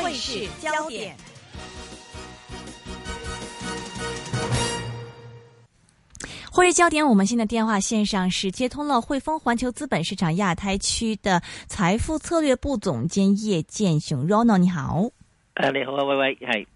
匯市焦點，匯市焦點，我們現在電話線上是接通了匯豐環球資本市場亞太區的財富策略部總監葉劍雄 Ronald，你好，啊。你好，喂喂，你好。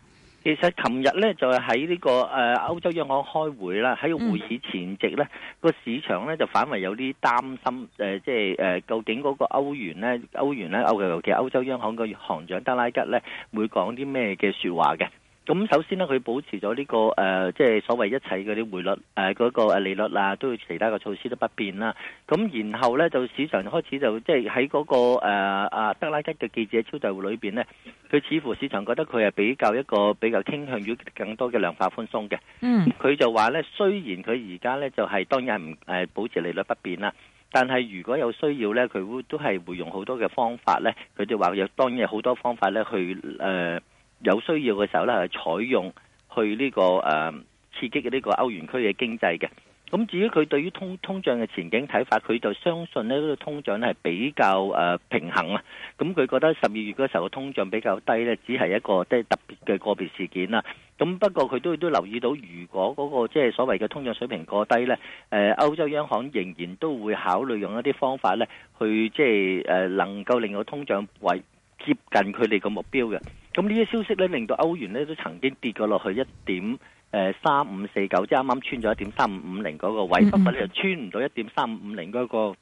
其實琴日咧就喺呢、這個誒歐、呃、洲央行開會啦，喺個會議前夕咧個市場咧就反為有啲擔心誒，即係誒究竟嗰個歐元咧、歐元咧、歐尤其歐洲央行個行長德拉吉咧會講啲咩嘅說話嘅？咁首先呢，佢保持咗呢、這個誒，即、呃、係、就是、所謂一切嗰啲匯率誒嗰、呃那個利率啊，都要其他嘅措施都不變啦。咁然後呢，就市場開始就即係喺嗰個啊、呃、德拉吉嘅記者招待會裏邊呢，佢似乎市場覺得佢係比較一個比較傾向於更多嘅量化寬鬆嘅。嗯，佢就話呢，雖然佢而家呢，就係、是、當然係唔誒保持利率不變啦，但係如果有需要呢，佢會都係會用好多嘅方法呢。佢就話有當然有好多方法呢去誒。呃有需要嘅時候咧，係採用去呢個誒刺激嘅呢個歐元區嘅經濟嘅。咁至於佢對於通通脹嘅前景睇法，佢就相信呢個通脹咧係比較誒平衡啊。咁佢覺得十二月嗰時候嘅通脹比較低呢，只係一個即係特別嘅個別事件啦。咁不過佢都都留意到，如果嗰個即係所謂嘅通脹水平過低呢，誒歐洲央行仍然都會考慮用一啲方法呢，去即係誒能夠令到通脹維接近佢哋個目標嘅。咁呢啲消息咧，令到歐元咧都曾經跌過落去一點，誒三五四九，即係啱啱穿咗一點三五五零嗰個位，mm hmm. 不過咧就穿唔到一點三五五零嗰個嗰、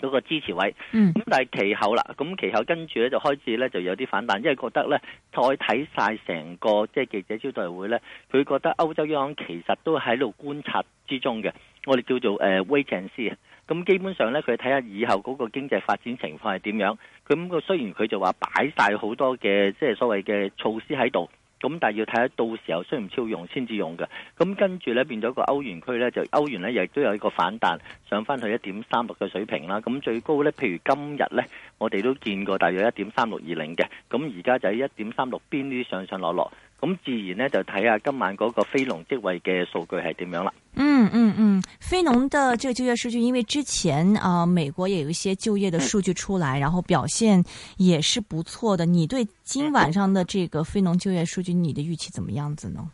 嗰個、支持位。咁、mm hmm. 但係其後啦，咁其後跟住咧就開始咧就有啲反彈，因為覺得咧再睇晒成個即係、即係、記者招待會咧，佢覺得歐洲央行其實都喺度觀察之中嘅，我哋叫做 wait and see 啊。Uh, 咁基本上咧，佢睇下以後嗰個經濟發展情況係點樣。咁個雖然佢就話擺晒好多嘅即係所謂嘅措施喺度，咁但係要睇下到時候需唔需要用先至用嘅。咁跟住咧變咗個歐元區咧，就歐元咧亦都有一個反彈，上翻去一點三六嘅水平啦。咁最高咧，譬如今日咧，我哋都見過大約一點三六二零嘅。咁而家就喺一點三六邊呢啲上上落落。咁自然呢，就睇下今晚嗰個非農職位嘅數據係點樣啦，嗯。嗯嗯嗯，非農的這個就業數據，因為之前啊、呃、美國也有一些就業的數據出來，然後表現也是不錯的。你對今晚上的這個非農就業數據，你的預期怎麼樣子呢？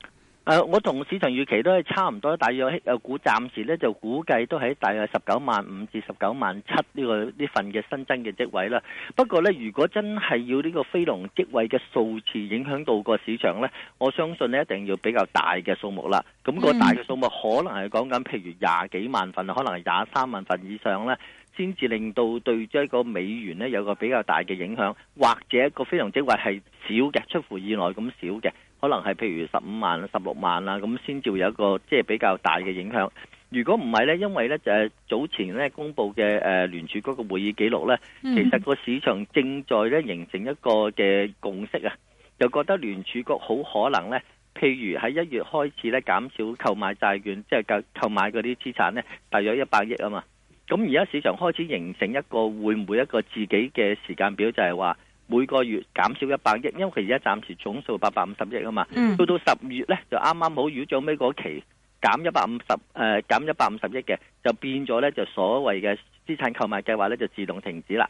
誒，我同市場預期都係差唔多，大約誒估暫時咧就估計都係大概十九萬五至十九萬七呢個呢份嘅新增嘅職位啦。不過呢，如果真係要呢個非農職位嘅數字影響到個市場呢，我相信呢一定要比較大嘅數目啦。咁個大嘅數目可能係講緊譬如廿幾萬份，可能係廿三萬份以上呢，先至令到對即係個美元呢有個比較大嘅影響，或者個非農職位係少嘅，出乎意外咁少嘅。可能係譬如十五萬、十六萬啦，咁先至會有一個即係、就是、比較大嘅影響。如果唔係呢，因為呢，就係早前呢公佈嘅誒聯儲局嘅會議記錄呢，其實個市場正在呢形成一個嘅共識啊，就覺得聯儲局好可能呢，譬如喺一月開始呢減少購買債券，即係購購買嗰啲資產呢，大約一百億啊嘛。咁而家市場開始形成一個會唔會一個自己嘅時間表就是說，就係話。每個月減少一百億，因為佢而家暫時總數八百五十億啊嘛，到到十月咧就啱啱好，如果最後尾嗰期減一百五十誒減一百五十億嘅，就變咗咧就所謂嘅資產購買計劃咧就自動停止啦。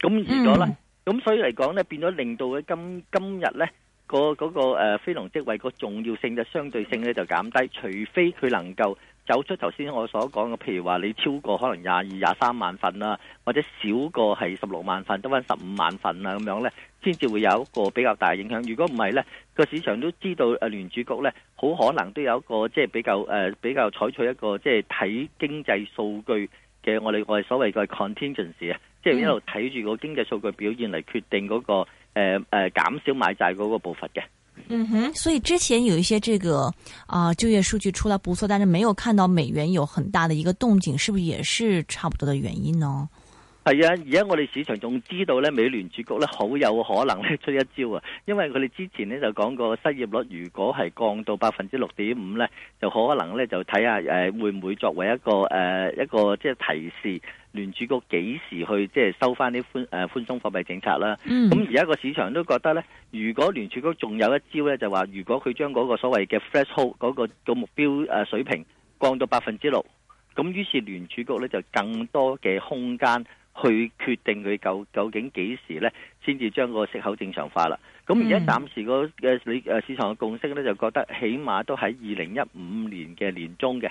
咁而咗咧，咁所以嚟講咧變咗令到佢今今日咧個嗰個誒非農職位個重要性就相對性咧就減低，除非佢能夠。走出頭先我所講嘅，譬如話你超過可能廿二、廿三萬份啦、啊，或者少過係十六萬份，得翻十五萬份啦、啊、咁樣呢，先至會有一個比較大嘅影響。如果唔係呢，個市場都知道誒聯儲局呢，好可能都有一個即係比較誒、呃、比較採取一個即係睇經濟數據嘅，我哋我哋所謂嘅 contingency 啊，即係一路睇住個經濟數據表現嚟決定嗰、嗰個誒誒減少買債嗰個步伐嘅。嗯哼，所以之前有一些這個啊，呃，就業數據出來不錯，但是沒有看到美元有很大的一個動靜，是不是也是差不多的原因呢？係啊，而家我哋市場仲知道咧，美聯儲局咧好有可能咧出一招啊，因為我哋之前咧就講過，失業率如果係降到百分之六點五咧，就可能咧就睇下誒會唔會作為一個誒一個即係提示聯儲局幾時去即係收翻啲寬誒寬鬆貨幣政策啦。咁而家個市場都覺得咧，如果聯儲局仲有一招咧，就話如果佢將嗰個所謂嘅 fresh hold 嗰個個目標誒水平降到百分之六，咁於是聯儲局咧就更多嘅空間。去決定佢究究竟幾時咧，先至將個息口正常化啦。咁而家暫時個市場嘅共識呢，就覺得起碼都喺二零一五年嘅年中嘅。咁、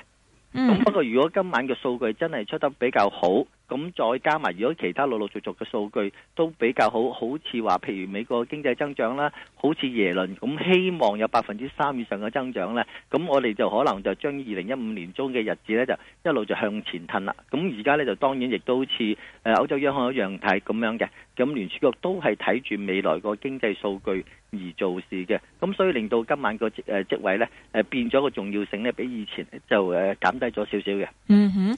嗯、不過如果今晚嘅數據真係出得比較好。咁再加埋，如果其他陸陸續續嘅數據都比較好，好似話，譬如美國經濟增長啦，好似耶倫咁，希望有百分之三以上嘅增長咧，咁我哋就可能就將二零一五年中嘅日子咧，就一路就向前褪啦。咁而家咧就當然亦都好似誒歐洲央行一樣，樣，睇咁樣嘅，咁聯儲局都係睇住未來個經濟數據。而做事嘅，咁所以令到今晚個職誒職位呢，誒、呃、變咗個重要性呢，比以前就誒減、呃、低咗少少嘅。嗯哼，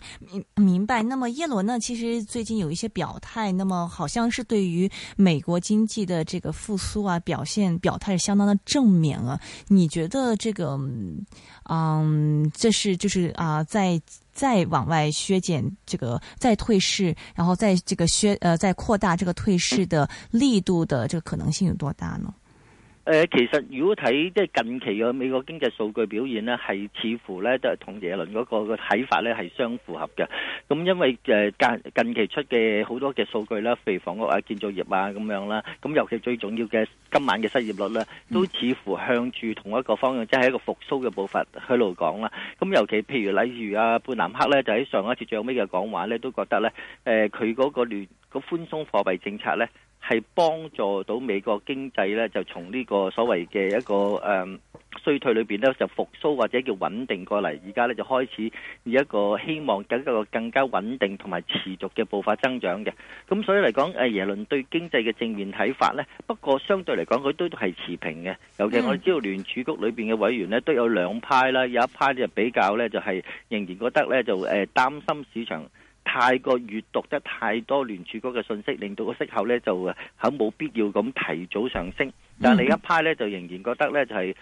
明白。那麼耶倫呢，其實最近有一些表態，那麼好像是對於美國經濟的這個復甦啊表現表態，相當的正面啊。你覺得這個，嗯，這是就是啊，再再往外削減這個，再退市，然後再這個削，呃，再擴大這個退市的力度的這個可能性有多大呢？誒，其實如果睇即係近期嘅美國經濟數據表現呢係似乎呢都係同耶倫嗰個嘅睇法呢係相符合嘅。咁因為誒近近期出嘅好多嘅數據啦，譬如房屋啊、建造業啊咁樣啦，咁尤其最重要嘅今晚嘅失業率呢都似乎向住同一個方向，即係一個復甦嘅步伐喺度講啦。咁尤其譬如例如啊，貝南克呢，就喺上一次最後尾嘅講話呢，都覺得呢，誒，佢嗰個聯個寬鬆貨幣政策呢，係幫助到美國經濟咧，就從呢個所謂嘅一個誒、嗯、衰退裏邊咧，就復甦或者叫穩定過嚟。而家咧就開始以一個希望有一個更加穩定同埋持續嘅步伐增長嘅。咁所以嚟講，誒耶倫對經濟嘅正面睇法呢，不過相對嚟講佢都係持平嘅。尤其我哋知道聯儲局裏邊嘅委員呢，都有兩派啦，有一派呢，就比較呢，就係、是、仍然覺得呢，就誒擔心市場。太過閱讀得太多聯儲局嘅信息，令到個息口呢就喺冇必要咁提早上升。但另一派呢就仍然覺得呢、就是，就係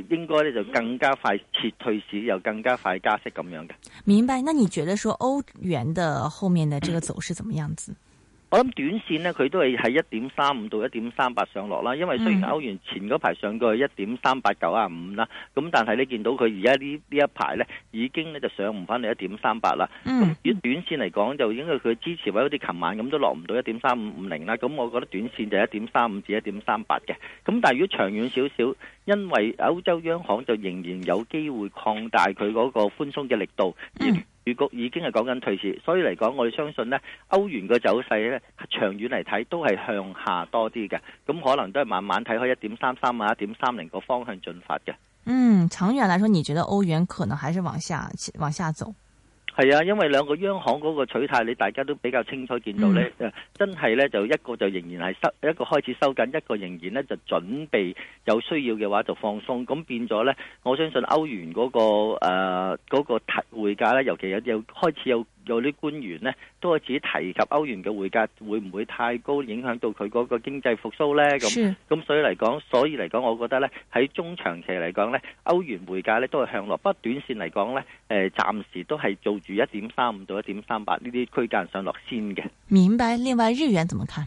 誒，應該咧就更加快撤退市，又更加快加息咁樣嘅。明白？那你覺得說歐元的後面嘅這個走勢怎麼樣子？ 我諗短線呢，佢都係喺一點三五到一點三八上落啦。因為雖然歐元前嗰排上過去一點三八九啊五啦，咁但係你見到佢而家呢呢一排呢，已經呢就上唔翻嚟一點三八啦。如果、嗯、短線嚟講，就應該佢支持位好似琴晚咁，都落唔到一點三五五零啦。咁我覺得短線就一點三五至一點三八嘅。咁但係如果長遠少少，因為歐洲央行就仍然有機會擴大佢嗰個寬鬆嘅力度。預局已經係講緊退市，所以嚟講，我哋相信呢，歐元嘅走勢呢，長遠嚟睇都係向下多啲嘅，咁可能都係慢慢睇開一點三三或一點三零個方向進發嘅。嗯，長遠嚟講，你覺得歐元可能還是往下往下走？係啊，因為兩個央行嗰個取態，你大家都比較清楚見到咧，mm hmm. 真係咧就一個就仍然係收，一個開始收緊，一個仍然咧就準備有需要嘅話就放鬆。咁變咗咧，我相信歐元嗰個，誒嗰個，呃嗰個匯價咧，尤其有有開始有。有啲官員呢，都係只提及歐元嘅匯價會唔會太高，影響到佢嗰個經濟復甦呢？咁咁是所以嚟講，所以嚟講，我覺得呢，喺中長期嚟講呢，歐元匯價呢都係向落，不過短線嚟講呢，誒、呃、暫時都係做住一點三五到一點三八呢啲區間上落先嘅。明白。另外，日元怎麼看？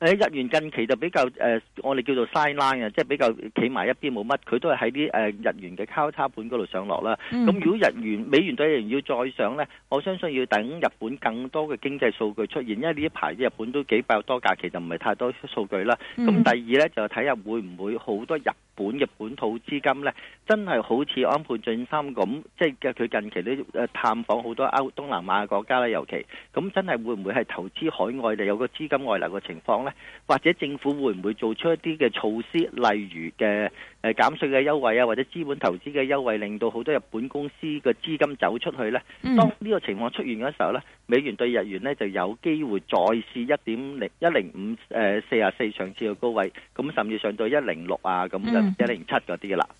誒，日元近期就比較誒、呃，我哋叫做 sidelined 嘅，即係比較企埋一邊冇乜。佢都係喺啲誒日元嘅交叉盤嗰度上落啦。咁、嗯、如果日元美元對日元要再上呢，我相信要等日本更多嘅經濟數據出現，因為呢一排日本都幾百多假期，就唔係太多數據啦。咁、嗯、第二呢，就睇下會唔會好多日本嘅本土資金呢？真係好似安倍晉三咁，即係佢近期呢，探訪好多歐東南亞的國家啦，尤其咁真係會唔會係投資海外嘅有個資金外流嘅情況？或者政府會唔會做出一啲嘅措施，例如嘅誒、呃、減稅嘅優惠啊，或者資本投資嘅優惠，令到好多日本公司嘅資金走出去呢？嗯、當呢個情況出現嘅時候呢，美元對日元呢就有機會再試一點零一零五誒四啊四上次嘅高位，咁甚至上到一零六啊，咁就一零七嗰啲嘅啦。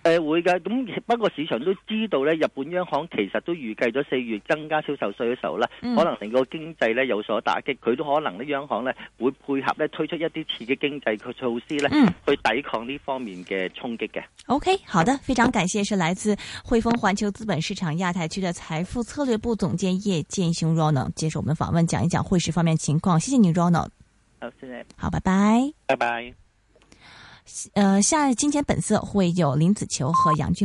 誒、呃，會嘅。咁不過市場都知道咧，日本央行其實都預計咗四月增加銷售稅嘅時候咧，嗯、可能成個經濟咧有所打擊。佢都可能啲央行咧會配合咧推出一啲刺激經濟嘅措施咧，嗯、去抵抗呢方面嘅衝擊嘅。OK，好的，非常感謝，是來自匯豐環球資本市場亞太區的財富策略部總監葉劍雄 Ronald 接受我們訪問，講一講匯市方面情況。謝謝你，Ronald。好，再見。好，拜拜。拜拜。拜拜。呃，下《金錢本色》會有林子球和楊俊。